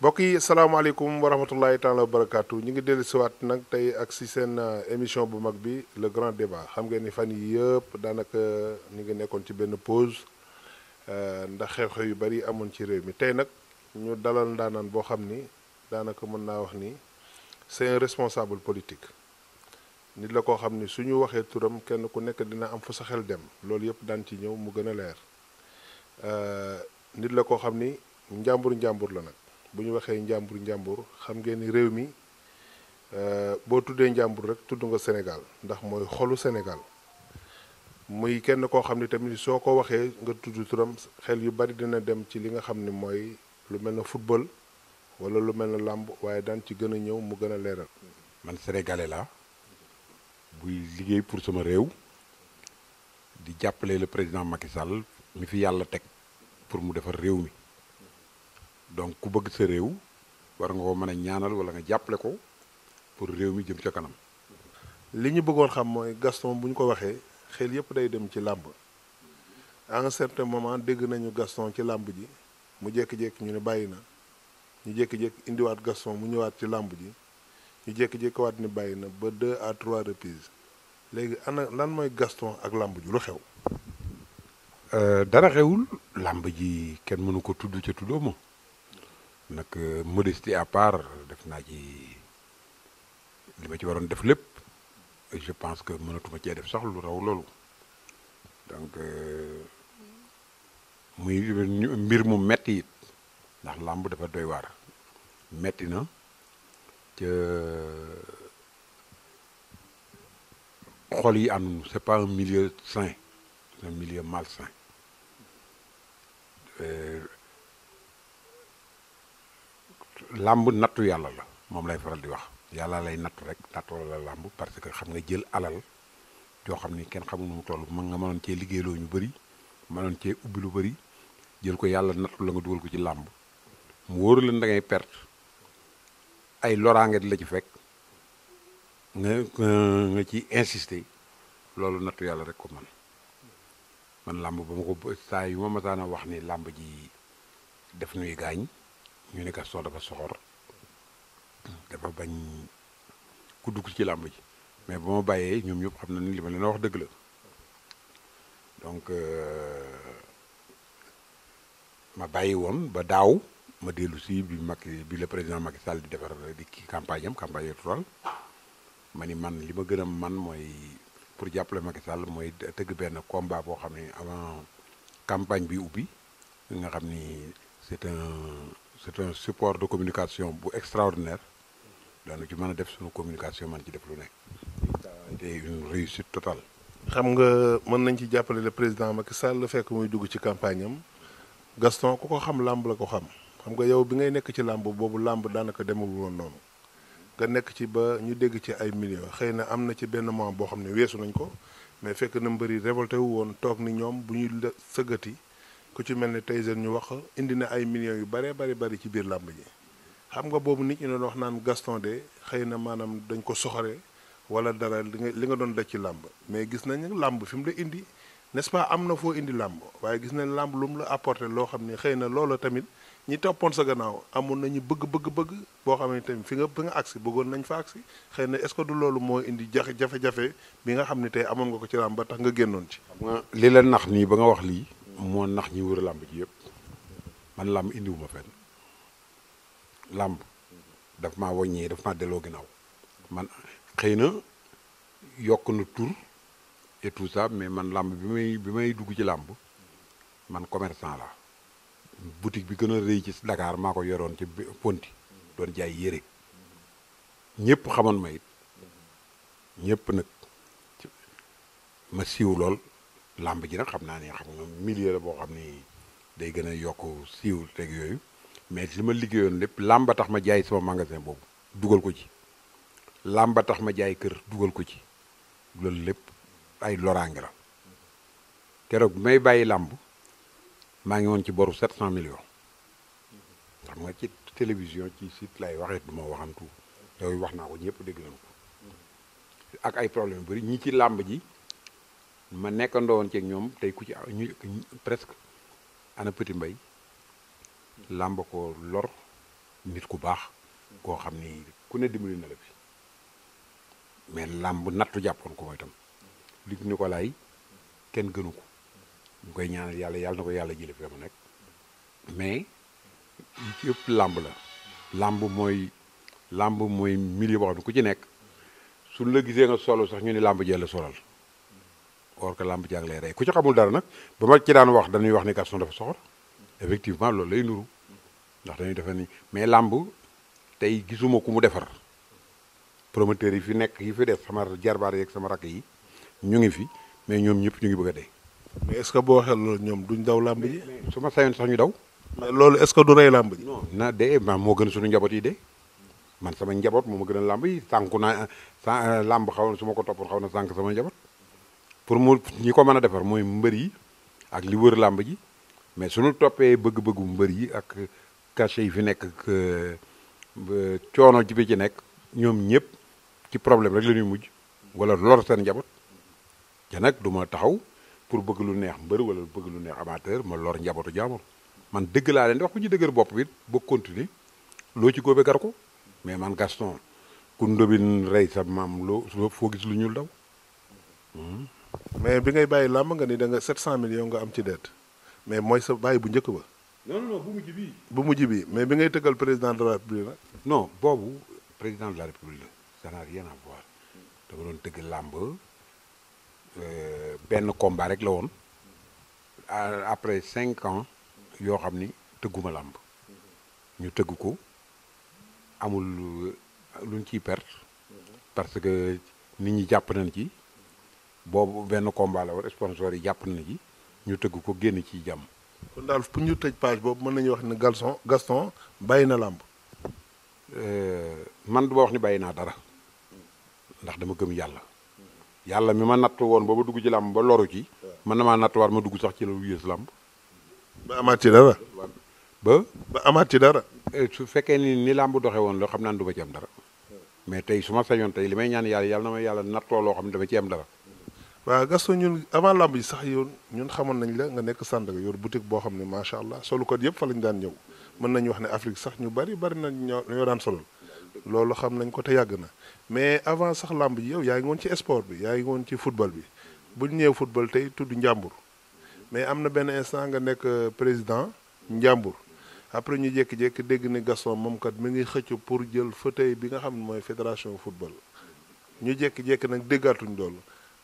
Boki salam alaikum warahmatullahi taala wabarakatuh. barakaatu ñu ngi dellu siwaat nag tey ak si seen euh, émission bu mag bi le grand débat xam ngeen ni fan yi yëpp daanaka euh, ngi nekkoon ci pause euh, ndax xew-xew yu bari amun ci réew mi tey nag ñu dalal ndanan bo xam ni daanaka mën na wax ni c'est un responsable politique nit la ko xam ni suñu waxee turam kenn ku nekk dina am fu sa xel dem loolu yëpp daan ci ñëw mu gën nit la ko xamni njambur njambur la nak bu ñu waxee njàmbur njàmbur xam ngeen ni réew mi euh, boo tuddee njàmbur rek tudd nga Sénégal ndax mooy xolu Sénégal muy kenn koo xam ne tamit soo ko waxee nga tudd turam xel yu bari dina dem ci li nga xam ni mooy lu mel na football wala lu mel na làmb waaye daan ci gën a ñëw mu gën a leeral. man sénégalais la buy liggéey pour sama réew di jàppale le président Macky Sall mi fi yàlla teg pour mu defar réew mi. donc ku bëgg sa réew war nga ko mën a ñaanal wala nga jàppale ko pour réew mi jëm ca kanam. li ñu bëggoon xam mooy Gaston bu ñu ko waxee xel yëpp day dem ci làmb à moment dégg nañu Gaston ci làmb ji mu jékki-jékki ñu ne bàyyi na ñu jékki-jékki indiwaat Gaston mu ñëwaat ci làmb ji ñu jékki-jékki ni bàyyi na ba deux à trois de reprises léegi ana lan mooy Gaston ak làmb ji lu xew. Euh, dara xewul làmb ji kenn mënu ko tudd ca tuddoo moom. nak euh, modestie à part def naa ci li ma ci waroon def lepp je pense que mënatuma ci def sax lu raw lolou donc euh, muy mbir mu metti ndax lamb dafa doy war metti na ci xol yi ànduñu c'est pas un milieu sain c'est un milieu malsain euh, Lambu natu yalla la mom lay faral di wax yalla lay natu rek natu la lambu parce que xam nga jël alal jo xamni ken xamu mu tollu ma nga ci liggey lo ñu bari manon ci ubbi lu bari jël ko yalla natu la nga duggal ko ci làmb mu wóoru la da ngay perte ay lorange di la ci fek nga nga ci insister lolu natu yalla rek ko man man làmb ba ko yu ma masaana wax ni làmb ji def nuy gaañ ñu ne Gaston dafa soxor dafa bañ ku dugg ci lamb ji mais ba ma bàyyee ñoom ñëpp xam na ni li ma leen wax dëgg la donc euh, ma bàyyi woon ba daaw ma dellu si bi Macky bi le président Macky Sall di defar di kii campagne am campagne électorale ma ni man li ma gën a man mooy pour jàppale Macky Sall mooy tëgg benn combat boo xam ne avant campagne bi ubbi nga xam ni c'est un c'est un support de communication bu extraordinaire daanu ci mën def suñu communication man ci def lu nekk c'était une réussite totale xam nga mën nañ ci jàppale le président Macky Sall fekk muy dugg ci campagne Gaston ku ko xam làmb la ko xam xam nga yow bi ngay nekk ci làmb boobu làmb daanaka demewul woon noonu nga nekk ci ba ñu dégg ci ay millions xëy na am na ci benn moment boo xam ne nañ ko mais fekk na mbëri révolté wu woon toog ni ñoom bu ñuy sëggati ku ci mel ne Tyson ñu wax indi na ay millions yu bëree bëri bëri ci biir làmb ji xam nga boobu nit ñi doon wax naan Gaston de xëy na maanaam dañ ko soxore wala dara li nga li nga doon daj ci làmb mais gis nañ làmb fi mu la indi n'est-ce pas am na foo indi làmb waaye gis nañ làmb lum la apporté loo xam ni xëy na loola tamit ñi toppoon sa gannaaw amoon nañu bëgg bëgg bëgg boo xam ne tamit fi nga fi nga agsi bëggoon nañ fa agsi xëy na est-ce du loolu moo indi jafe jafe-jafe nga xam ne tey amoon nga ko ci làmb ba nga génnoon ci. xam nga li la nax nii ba nga wax lii. moo nax ñi wër làmb ci yëpp man làmb indiwuma fenn làmb daf maa wàññee daf maa delloo ginnaaw man xëy na yokk na tur et tout mais man làmb bi may bi may dugg ci làmb man commerçant la boutique bi gën a rëy ci Dakar maa ko yoroon ci Ponti doon jaay yére ñëpp xamoon ma it ñëpp nag ma siiw lool làmb ji nag xam naa ne xam nga milieu la boo xam ni day gën a yokk siiw teg yooyu mais li ma liggéeyoon lépp làmba tax ma jaay sama magasin boobu dugal ko ci làmba tax ma jaay kër dugal ko ci loolu lépp ay loraange la keroog bi may bàyyi làmb maa ngi woon ci boru 700 million xam nga ci télévision ci site lay waxee du ma waxantu yooyu wax naa ko ñëpp dégg nañu ko ak ay problème bari ñi ci làmb ji ma nekkandoon ceeg ñoom tey ku ci ñu presque ana petit mbay làmb ko lor nit ku baax koo xam ni ku ne dimbali na la fi mais làmb nattu jàppoon ko mooy tam li ni ko lay kenn gënu ko ñu koy ñaanal yàlla yàlla na ko yàlla jële fi nekk mais li ëpp làmb la làmb mooy làmb mooy milieu boo xam ne ku ci nekk suñ la gisee nga solo sax ñu ni làmb jee la solal or que lamb jang lay ku ci xamul dara nak ba ma ci daan wax dañuy wax ni garçon dafa soxor effectivement lolou lay nuru ndax dañuy defe ni mais lamb tay gisuma ku mu defar promoteur yi fi nek yi fi def sama yi ak sama rak yi ñu ngi fi mais ñom ñëpp ñu ngi bëgg dé mais est ce que bo waxee lolou ñom duñ daw lamb ji. suma sayon sax ñu daw. mais est ce que du ray lamb ji. na dé ma mo gën suñu njabot yi dé man sama njabot mo mo gën lamb yi sànku na lamb xawna suma na ko xawna sama njabot pour mu ñi ko mën a defar mooy mbër yi ak li wër làmb ji mais sunu toppee bëgg-bëggu mbër yi ak cachet yi fi nekk euh, coono ji bi ci nekk ñoom ñëpp ci problème rek la ñuy mujj wala lor seen njaboot te nag du ma taxaw pour bëgg lu neex mbër wala bëgg lu neex amateur ma lor njabootu jaamur man dëgg laa leen di wax ku ci dëgër bopp bi ba continuer loo ci góobe gar ko mais man Gaston ku ndobin rey sa maam loo foo gis lu ñuul daw hmm? mais bi ngay bàyyi làmb nga ni da nga 700 millions nga am ci dette mais mooy sa bàyyi bu njëkk ba. non non bu mujj bi mais bi ngay tëggal président de la république nag. boobu président de la république ça n'a rien à voir doon tëgg làmb euh, benn combat rek la woon après cinq ans yoo xam ni tëgguma làmb ñu tëgg ko amul euh, luñ ciy perte parce que nit ñi jàpp nañ ci. boobu benn combat la war sponsor yi jàpp na ci ñu tëgg ko génn ci jàmm. daal pour ñu tëj page boobu mën nañu wax ne Gaston Gaston bàyyi na làmb. Euh, man du ma wax naa dara ndax dama gëm yàlla yàlla mi ma natt woon ba ma dugg ci làmb ba loru ci man na maa nattuwaat ma dugg sax ci la wiyes làmb ba amaat ci dara. ba ba amaat dara. Euh, su fekkee ni ni làmb doxee woon loo xam naa du ma ci am dara mais tey su ma sañoon tey li may ñaan yàlla yàlla na ma yàlla nattoo loo xam ne dama ci am dara. waaw Gaston ñun avant lamb ji sax yoon ñun xamoon nañ la nga nekk Sandaga yor boutique boo xam ne macha allah solukat yëpp fa lañ daan ñëw mën nañu wax ne Afrique sax ñu bari bari nañ ñoo daan solol loolu xam nañ ko te yàgg na mais avant sax lamb ji yow yaa ngi woon ci sport bi yaa ngi woon ci football bi bu buñ ñëwee football tey tudd njàmbur mais am na benn instant nga nekk euh, président njàmbur après ñu jékki-jékki dégg ni Gaston moom kat mi ngi xëc pour jël fauteuil bi nga xam mooy fédération football ñu jékki-jékki nag déggatuñ loolu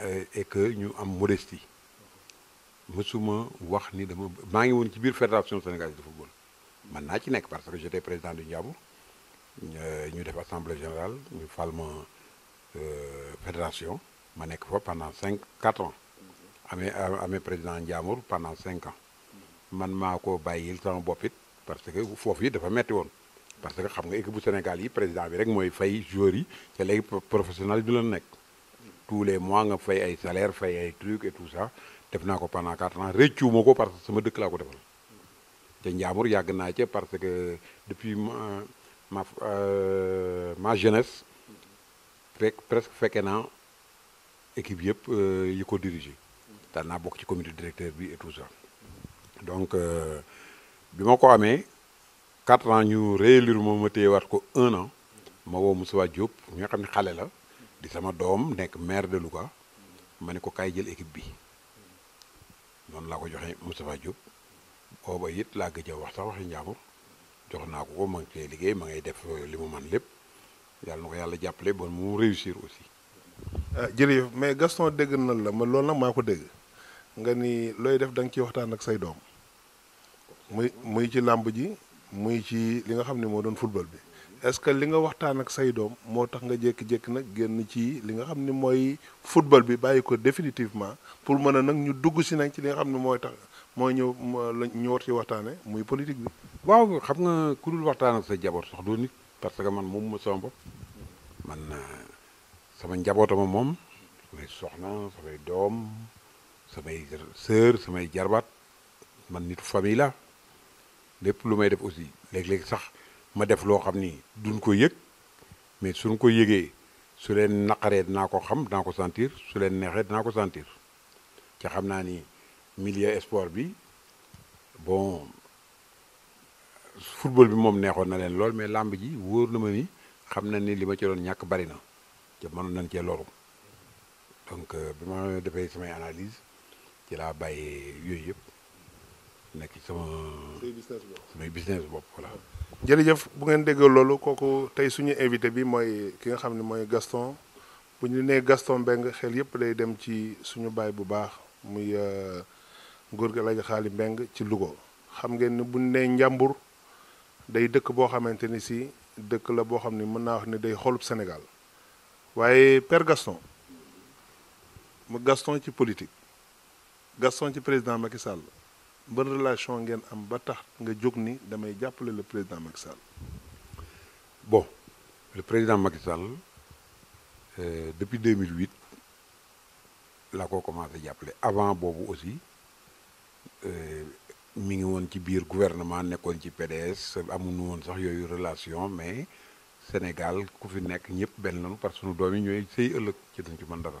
Euh, et que nous avons modestie. Je suis venu à la Fédération sénégalaise de football. Je suis venu parce que j'étais président de Niabou. Nous euh, avons l'Assemblée générale, nous avons la Fédération. Je suis venu pendant 5, 4 ans. Je suis président de pendant 5 ans. Je suis venu à la parce que vous faut que mettre en Parce que vous savez que le président est le président de la Fédération, c'est le professionnel de la tous les mois nga fay ay salaire fay ay trucs et tout ça def nako pendant 4 ans réccuwuma moko parce que sama dëkk laa ko defal te Njaambur yag na ci parce que depuis ma ma euh, ma jeunesse fekk presque fekkee na équipe yëpp euh, yiko diriger da na bok ci comité directeur bi et tout ça donc euh, bi ma ko 4 ans ñu réélire ma ma téyewaat ko 1 an ma wo Moussa Diop mi nga xam ne la di sama dom, nek maire de Louga mané ko kay jël équipe bi non la ko joxé Moustapha Diop booba it laa gëj a wax sax waxi njaamur jox ko ko ma ngi liggéey ma ngay def limu man lepp yalla na yalla jappalé bon mu réussir aussi. Ah, jëri mais Gaston dégg na la ma lool nag mako dégg nga ni loy def dang ci waxtaan ak say dom muy muy ci lamb ji muy ci li nga xamni mo doon football bi est ce que li nga waxtaan ak say doom moo tax nga jékki-jékki nag génn ci li nga xam football bi bàyyi ko définitivement pour mën a nag ñu dugg si nag ci li nga xam ne mooy tax mooy ñëw ñu war ci waxtaane muy politique bi waaw xam nga ku dul waxtaan ak sa jaboot sax doo nit parce que man moom ma sama bopp man euh, sama njabootama moom samay soxna samay doom samay sœur samay jarbat man nitu famille la lépp lu may def aussi léeg-léeg sax ma def lo xamni duñ ko yegg mais suñ ko yëgee su leen naqaree dinaa ko xam dinaa ko sentir su leen neexee dinaa ko sentir ci xamna ni milieu sport bi bon football bi mom neexoon na leen lol mais lamb ji wóor na ma ni xamna ni lima ci doon ñak bari na ca man nañ ci loru donc euh, bima ma defee samay analyse ci la bàyyee yooyu yëpp nekk ci sama. muy business bopp voilà. jërëjëf bu ngeen déggee loolu kooku tay suñu invité bi moy ki nga xam moy Gaston bu ñu né Gaston Mbengue xel yépp day dem ci suñu bay bu baax muy nguur euh, gi El Hadj Xaali ci lugo xam ngeen ni bu ñu nee Njàmbur day dëkk bo xamanteni ni si dëkk la bo xamni ne mën naa wax ni day xolub Sénégal waaye Père Gaston mu Gaston ci politique Gaston ci président Macky Sall ban relation ngeen am ba tax nga jóg ni damay jàppale le président Macky Sall. bon le président Macky Sall euh, depuis 2008 la ko commencé jàppale avant boobu aussi euh, mi ngi woon ci biir gouvernement nekkoon ci PDS amuñu woon sax yooyu relation mais Sénégal ku fi nekk ñëpp benn lañu parce que sunu doom yi ñooy sëy ëllëg ci dañ ci mën dara.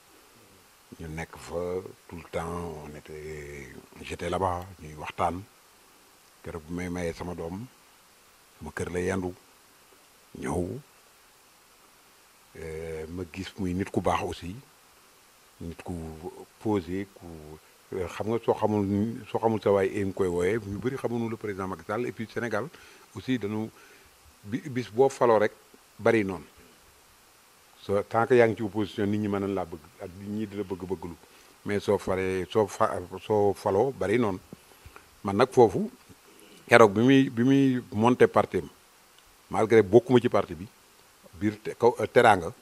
Nous nekk fa tout le temps on était j'étais là-bas ñuy waxtaan kër bu may maison sama doom sama kër la yendu ñëw eh, ma gis muy nit ku aussi nit ku posé ku eh, xam nga soo xamul soo xamul sa waay im koy ñu bëri xamuñu le président Macky Sall et puis Sénégal aussi dañu bis boo faloo rek bari soo tant que yaa ngi ci opposition nit ñi mën a laa bëgg ak ñii di la bëgg bëgglu mais soo faree soo fa soo faloo bari noonu man nag foofu keroog bi muy bi muy monte parti am malgré bokkuma ci parti bi biir kaw teraanga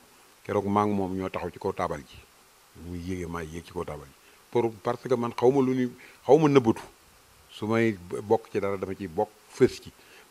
keroog maa moom ñoo taxaw ci kaw taabal ji muy yéegee maa yéeg ci ko taabal ji pour parce que man xaw ma lu ñuy xaw ma nëbbatu su may bokk ci dara dama ci bokk fës ci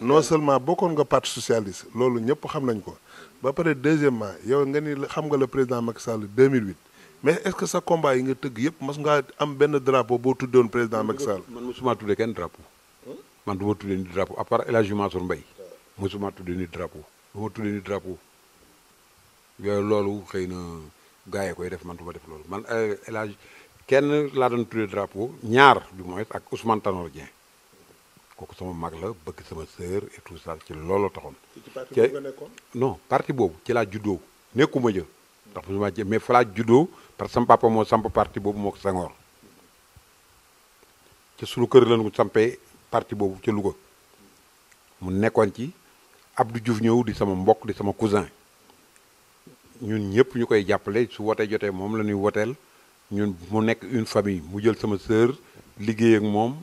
non seulement bokkoon nga parti socialiste loolu ñëpp xam nañ ko ba pare deuxièmement yow nga ni xam nga la président Macky Sall 2008 mais est-ce que sa combat yi nga tëgg yëpp mas nga am benn drapeau boo tuddoon président Macky Sall. man mosuma tuddee kenn drapeau man du ma tuddee ni drapeau à part El Hadj Mansour Mbaye mosuma tuddee ni drapeau du ma tuddee ni drapeau yooyu loolu xëy na gars yi koy def man du ma def loolu man euh, El kenn laa doon tuddee drapeau ñaar du ak Ousmane Tanor Dieng. kooku sama mag la bëgg sama sœur et tout ça ci looloo taxoon. ci parti boobu non parti boobu ci la juddo nekkuma jë. ndax mosuma jë mais fala juddo par parce sama papa mo samp parti boobu moo sangor ci sulu kër lañu sampee parti boobu ci Louga mu nekkoon ci Abdou djouf ñëw di sama mbokk di sama cousin ñun ñëpp ñu jappalé su woté joté mom la ñuy woteel ñun mu nekk une famille mu jël sama sœur liggéey ak mom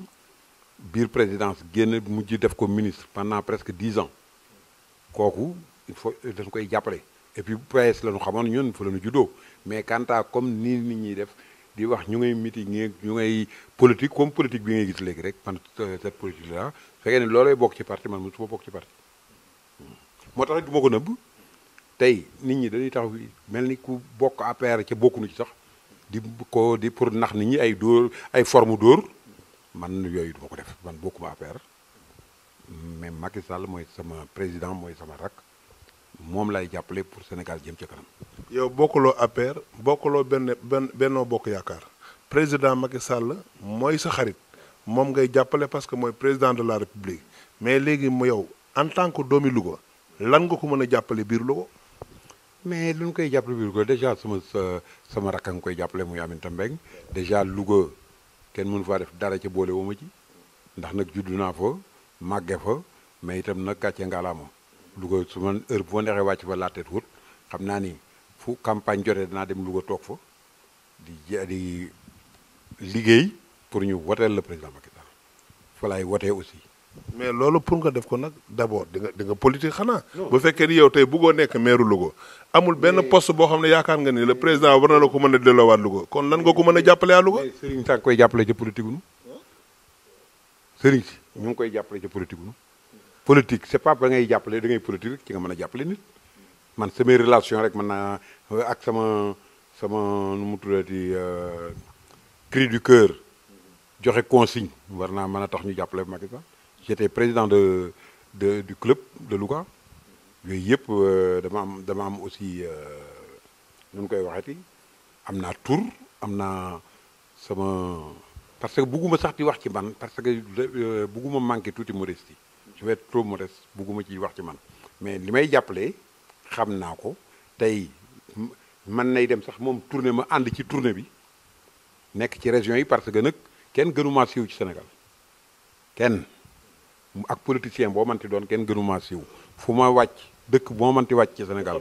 bir présidence génn mujj def ko ministre pendant presque 10 ans kokou il faut dañ koy jappalé et puis PS lañu xamone ñun fa lañu juddo mais quant comme nii nit ñi def di wax ñu ngay meeting ñu ngay politique comme politique bi ngay gis légui rek man euh, cette politique là fekkee ne loolay bokk ci parti man mu bok ci parti hmm. motax tax du ma ko nëbb tey nit ñi dañuy taxaw melni ku bok APR ca bokkuñu ci sax di ko di pour nax nit ñi ay dóor ay forme d'or man yooyu duma ko def man bokkuma affaire mais Macky Sall mooy sama président mooy sama rak moom lay jàppale pour Sénégal jëm ci kanam. yow bokkuloo APR bokkuloo benn benn bennoo bokk yaakaar président Macky Sall mooy sa xarit moom ngay jàppale parce que mooy président de la république mais léegi mu yow en tant que doomi Louga lan nga ko mën a jàppale biir Louga. mais lu ñu koy jàppale biir Louga déjà sama sama rakk nga koy jàppale muy Aminata Mbengue déjà Louga. kenn mënu faa def dara ca boole wu ma ci ndax nag juddu naa fa màgge fa mais itam nag gàcce ngalaama Louga su ma heure bu ma neexee wàcc fa laatet wut xam naa ni fu campagne jotee danaa dem Louga toog fa di di liggéey pour ñu woteel la président Macky Sall fa laay wotee aussi mais loolu pour nga def ko nag d'abord di nga di nga politique xanaa. bu fekkee ni yow tey bëggoo nekk maire Louga. amul benn post boo xam ne yaakaar nga ni la président war na la ko mën a delloowaat Louga kon nan nga ko mën a jàppale à Louga. Serigne Sarr koy jàppale ci politique nu Serigne ñu ngi koy jàppale ci politique nu politique c'est pas ba ngay jàppale da ngay politique rek ci nga mën a jàppale nit. man samay relation rek mën naa ak sama sama nu mu tuddati euh, cri du cœur joxe consigne war naa mën a tax ñu jàppale Macky Sall j'étais président de, de, du club de Louga yooyu yëpp euh, dama am dama am aussi euh, nous koy waxati amna tour amna sama parce que bugguma sax di wax ci man parce que euh, bugguma manquer toute modestie je vais être trop modeste bugguma ci wax ci man mais limay may jàppale xam ko tey man nay dem sax mom tourner ma and ci tournée bi nek ci région yi parce que nag kenn gënumaa siiw ci Sénégal ken ak politiciens bo manti doon kenn gënuma siiw fu ma wacc dëkk bo manti wacc ci Sénégal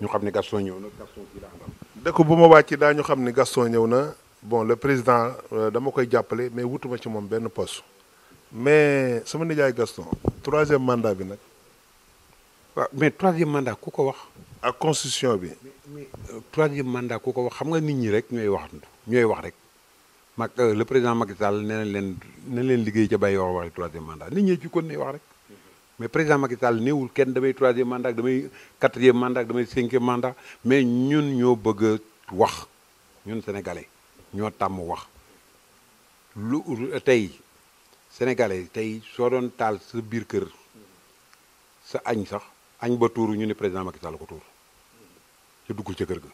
ñu xamni Gaston ñew na Gaston kii la àndal dëkk bu ma wacc da ñu xamni Gaston ñew na bon le président euh, dama koy jappalé mais wutuma ci mom ben poste mais sama nijaay Gaston troisième mandat bi nak waaw mais troisième mandat kuko wax ak constitution bi euh, troisième mandat kuko wax xam nga nit ñi rek ñoy wax ñoy wax rek mag euh, le président Macky Sall nee na leen ne leen liggéey ca bàyyi wax troisième mandat nit ñi ci kon wax rek mais président Macky Sall néewul kenn damay troisième mandat damay quatrième mandat damay cinquième mandat mais ñun ñoo bëgg wax ñun sénégalais ñoo tam wax lu tay sénégalais tay so doon taal sa biir kër sa añ sax añ ba tuuru ñu ni président Macky Sall ko tour ci duggu ci kër ga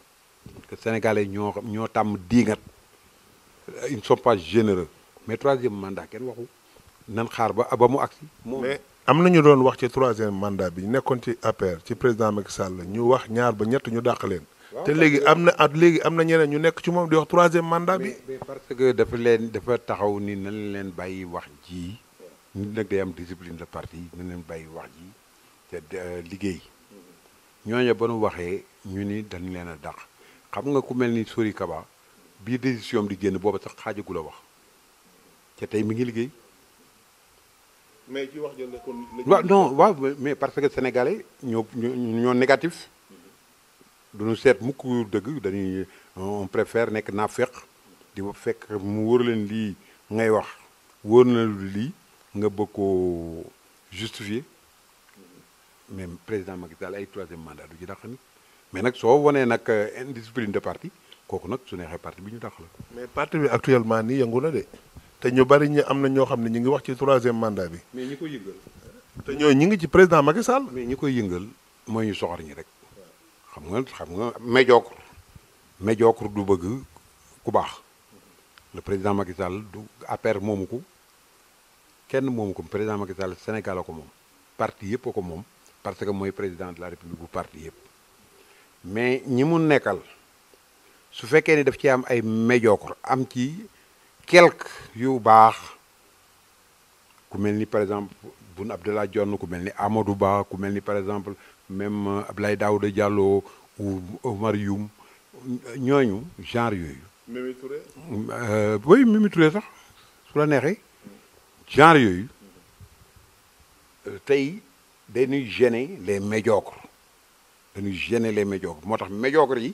que sénégalais ñoo ñoo tàmm diingat ils ne sont pas généreux mais troisième mandat quel waxu nan xaar ba ba mais a ñu troisième mandat bi ci APR président Macky ñu wax ñaar ba ñu leen. troisième mandat bi. parce que dafa leen dafa taxaw ni nañ wax ji day am discipline de parti nañ leen bayyi wax ji te euh, liggéey mm-hmm. ñoña ba ñu ni dañ leena a xam nga ku melni Kaba décision di génn non mais parce que sénégalais ñoo ñoo négatif. duñu beaucoup de... dañuy on préfère que naafeq di fekk mu président Macky Sall le troisième mandat mais si so woné une indiscipline de parti. kooku nag su neexee parti bi ñu tax la. mais parti bi actuellement nii yëngu na de te ñu bari ñi am na ñoo xam ne ñu ngi wax ci troisième mandat bi. mais ñi koy yëngal. te ñooñu ñu ngi ci président Macky Sall. mais ñi koy yëngal mooy ñu soxor ñi rek. xam nga xam nga médiocre. médiocre du bëgg ku baax. le président Macky Sall du APR moomu ko kenn moomu ko président Macky Sall Sénégal ko moom. parti yëpp a ko moom parce que mooy président de la république bu parti yëpp mais ñi mu nekkal. su fekkee ni daf ci am ay médiocre am ci quelque yu baax ku mel ni par exemple Boun Abdallah Dionne ku mel ni Amadou Ba ku mel ni par exemple même euh, ablaye Daouda Diallo ou Omar Youm ñooñu genre yooyu. Mimi Touré. Euh, oui Mimi Touré sax su la neexee genre yooyu euh, tey dañuy gêner les médiocres dañuy gêner les médiocres moo tax médiocres yi.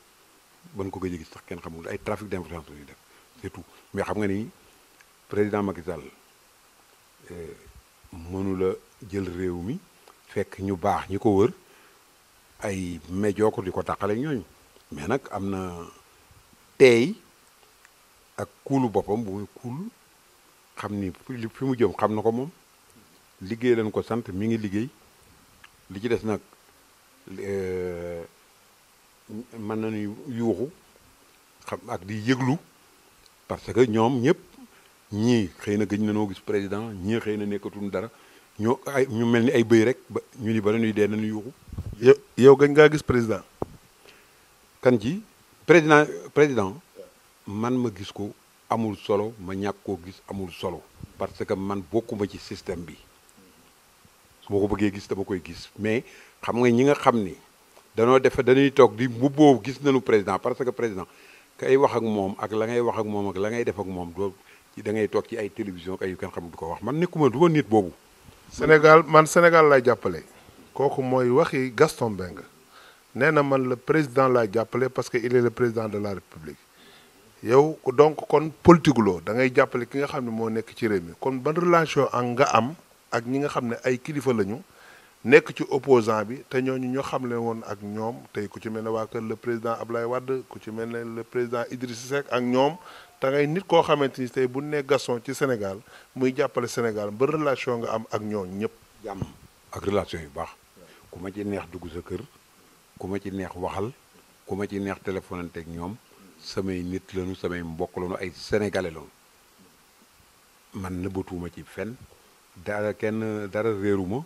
ban ko gëj a gis sax kenn xamul ay trafic d'influence la ñuy def c'est tout mais xam nga ni président Macky Sall euh, mënula jël réew mi fekk ñu baax ñi ko wër ay médiocre di ko tàqale ñooñu mais nag am na teey ak kuulu boppam bu kul xam ni fi mu jëm xam na ko moom liggéey lañ ko sant mi ngi liggéey li ci des nag euh, man nañu yuuxu xam ak di yëglu parce que ñoom ñëpp ñii xëy na gëj nanoo gis président ñii xëy na nekkatul dara ñoo ay ñu mel ni ay bëy rek ba ñu ni ba ñuy dee nañu yuuxu yow yow gañ ngaa gis président kan ji président président man ma gis ko amul solo ma ñàkk koo gis amul solo parce que man bokkuma ci système bi su ma ko bëggee gis dama koy gis mais xam nga ñi nga xam ni danoo def dañuy toog di mu boobu gis nañu président parce que président kay wax ak moom ak la ngay wax ak moom ak la ngay def ak moom doo da ngay toog ci ay télévision ak ay yu kenn xam du ko wax man nekkuma du ma nit boobu. Sénégal man Sénégal lay jàppale. kooku mooy waxi Gaston Mbengue nee na man le président lay jàppale parce que il est le président de la république. yow donc kon politique loo da ngay jàppale ki nga xam ne moo nekk ci réew mi kon ban relation nga am ak ñi nga xam ne ay kilifa lañu. nekk ci opposant bi te ñooñu ñoo xam le woon ak ñoom tey ku ci mel ne waa kër la président Ablaye Wade ku ci mel ne le président Idriss Seck ak ñoom te ngay nit koo xamante ni tey bu ne Gaston ci Sénégal muy jàppale Sénégal ba relation nga am ak ñooñ ñëpp. jàmm ak yu baax ku ma ci neex dugg sa kër ku ma ci neex waxal ku ma ci neex téléphonante ak ñoom samay nit lañu samay mbokk lañu ay sénégalais man nëbbatuwuma ci fenn dara kenn dara réeruma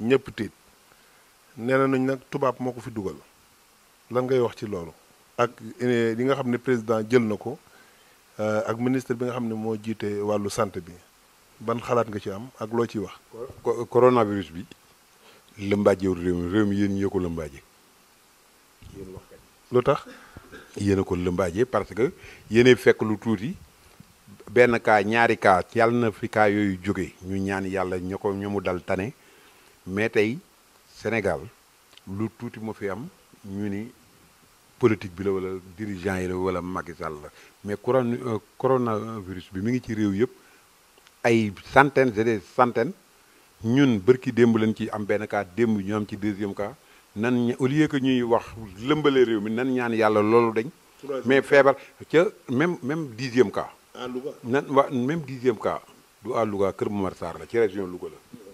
ñëpp tiit nee nañ nag tubaab moo ko fi dugal lan ngay wax ci loolu. ak eh, li nga xam ne président jël na ko eh, ak ministre bi nga xam ne moo jiite wàllu santé bi ban xalaat nga ci am ak loo ciy wax. coronavirus bi lëmbaajewul réew mi réew mi yéen ñoo ko lëmbaaje. lu tax. yéen a ko lëmbaaje parce que yéenay fekk lu tuuti. benn kaa ñaari cas yàlla na fi cas yooyu jóge ñu ñaan yàlla ña ko ña mu dal tane mais tey Sénégal lu tuuti moo fi am ñu ni politique bi la wala dirigeant yi la wala Macky la mais corona euh, coronavirus bi mi ngi ci réew yëpp ay centaines et des centaines ñun bërki démb lañ ci am benn cas démb ñu am ci deuxième cas nan au lieu que ñuy wax lëmbalee réew mi nan ñaan yàlla loolu dañ. mais feebar ca même même dixième cas. à Louga nan wa même dixième cas du à Louga Kër Momar Sarr la ci région Louga la.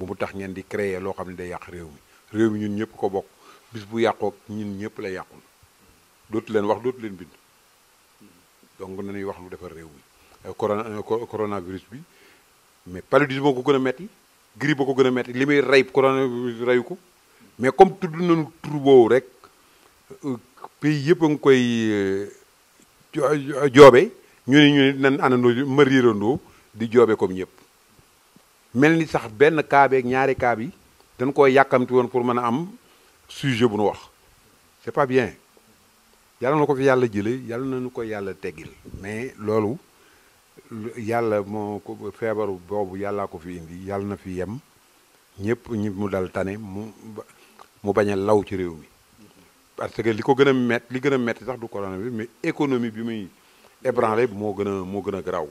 bu mu tax ngeen di créer loo xam ne day yàq réew mi réew mi ñun ñëpp ko bokk bis bu yàqook ñun ñëpp la yàqul dootu leen wax dootu leen bind donc nañuy wax lu defar réew mi euh, corona euh, coronavirus bi mais paludisme moo ko gën a metti grippe ko gën a metti li muy rey coronavirus reyu ko mais comme tudd nañu tur boobu rek euh, pays yëpp a ngi koy joobe ñu ne ñu ne nan àndandoo mariirandoo di joobe comme ñëpp melni sax ben kaab ak ñaari kaab yi dañ koy yakamti won pour mëna am sujet bu wax c'est pas bien yalla nako fi yalla jële yalla nañu ko yalla téggil mais lolu yalla moo ko feebaru boobu yàllaa ko fi indi yalla na fi yem ñepp ñi mu dal tane mu mu bañ law ci réew mi parce que li ko gën a li gëna met sax du corona bi mais économie bi muy ébranlé mo gëna mo gëna graw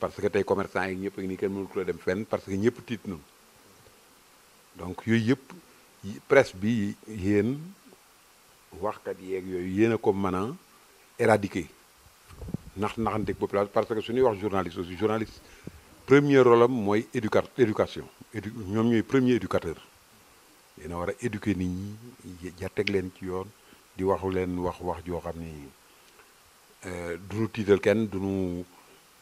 parce que tey commerçant yi ñëpp a ngi nii kenn mënut la dem fenn parce que ñëpp tiit nañu donc yooyu yëpp presse bi yéen waxkat yeeg yooyu yéen a ko mën a éradiquer ndax naxanteeg population parce que su ñuy wax journaliste aussi journaliste premier rôle am mooy éduca éducation édu ñoom premier éducateur dina war a éduquer nit ñi ja teg leen ci yoon di waxu leen wax wax joo xam ni euh, duñu tiital kenn duñu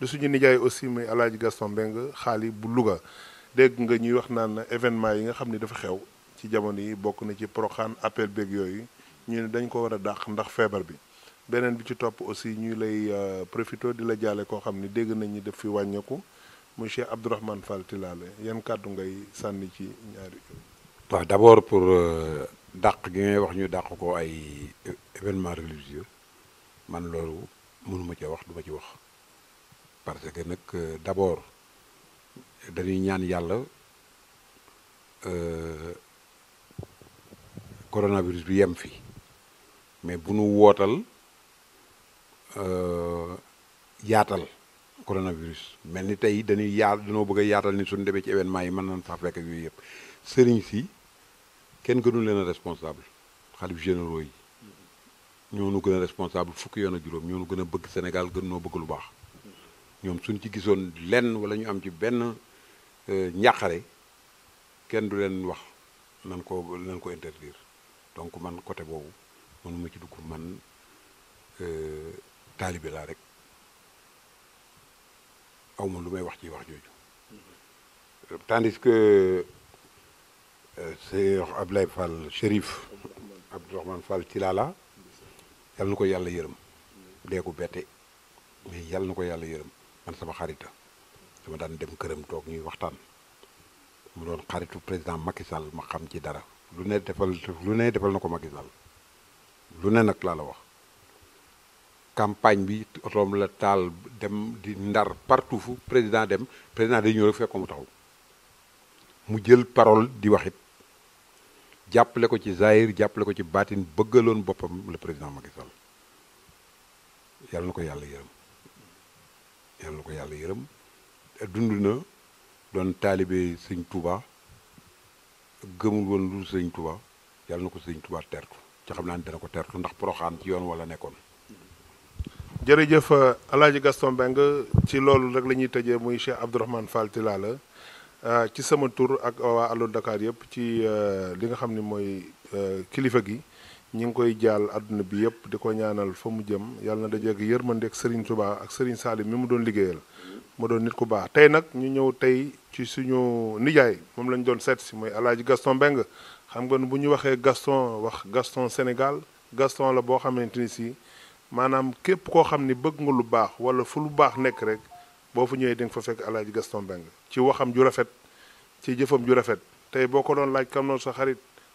de suñu nijaay aussi muy alaaji gaston mbeng xaali bu louga dégg nga ñuy wax naan événement yi nga xam ni dafa xew ci jamono yi bokk na ci proxaan appel beeg yooyu ñu ne dañ ko war a ndax feebar bi beneen bi ci topp aussi ñuy lay euh, profito di la jaale koo xam ni dégg nañ ni def fi wàññeeku monsieur abdourahmane fall tilaale yan kàddu ngay sànni ci ñaari waaw d' abord pour euh, dàq gi ngay wax ñu dàq ko ay événement religieux man loolu mënuma ci wax duma ci wax parce que nag euh, d'abord dañuy ñaan yàlla euh, coronavirus bi yem fi mais bu nu wootal euh, yaatal coronavirus mel ni tey dañuy yaat danoo bëgg yaatal ni suñu demee ci événement yi mën nañ faa fekk yooyu yëpp sëriñ si kenn gënul leen a responsable xalif généraux yi ñoo nu gën a responsable fukki yoon a juróom ñoo nu gën a bëgg Sénégal gën noo bëgg lu baax ñoom suñ ci gisoon lenn wala ñu am ci benn euh, njàqare kenn du leen wax nan ko nan ko interdire donc man côté boobu mënuma ci dugg man euh, taalibe laa rek aw ma lu may wax ci wax jooju tandis que euh, Cheikh Ablaye Fall Chérif Abdourahmane Fall Tilala yàlla na ko yàlla yërëm dee ko bette mais yàlla na ko yàlla yërëm man sama xarita dama daan dem këram toog ñuy waxtaan mu doon xaritu président Macky Sall ma xam ci dara lu ne defal lu ne defal na ko Macky Sall lu ne nag laa la wax campagne bi otoom la taal dem di ndar partout fu président dem président day ñëw rek fekk ko mu taxaw mu jël parole di wax it jàppale ko ci Zahir jàppale ko ci baatin bëggaloon boppam la président Macky Sall yàlla na ko yàlla yërëm. yàlla ko yàlla yërëm dund na doon taalibe sëñ Touba gëmul woon lu sëñ Touba yàlla na ko sëñ Touba tertu ci xam naa ne dana ko tertu ndax poroxaan ci yoon wala nekkoon. jërëjëf El euh, Hadj Gaston Mbengue ci loolu rek la ñuy tëjee muy Cheikh Abdourahmane Fall Tilala la euh, ci sama tur ak waa Allo Dakar yëpp ci euh, li nga xam ni mooy kilifa gi. ñi ngi koy jaal àdduna bi yëpp di ko ñaanal fa mu jëm yàlla na dajeeg yërmande ak Serigne Touba ak Serigne Salim mi mu doon liggéeyal mu doon nit ku baax tey nag ñu ñëw tey ci suñu nijaay moom lañ doon seet si mooy alaaji Gaston Mbengue xam nga bu ñu waxee Gaston wax Gaston Sénégal Gaston la boo xamante ni si maanaam képp koo xam ni bëgg nga lu baax wala fu lu baax nekk rek boo fu ñëwee di nga fa fekk alaaji Gaston Mbengue ci waxam ju rafet ci jëfam ju rafet tey boo ko doon laaj kam sa xarit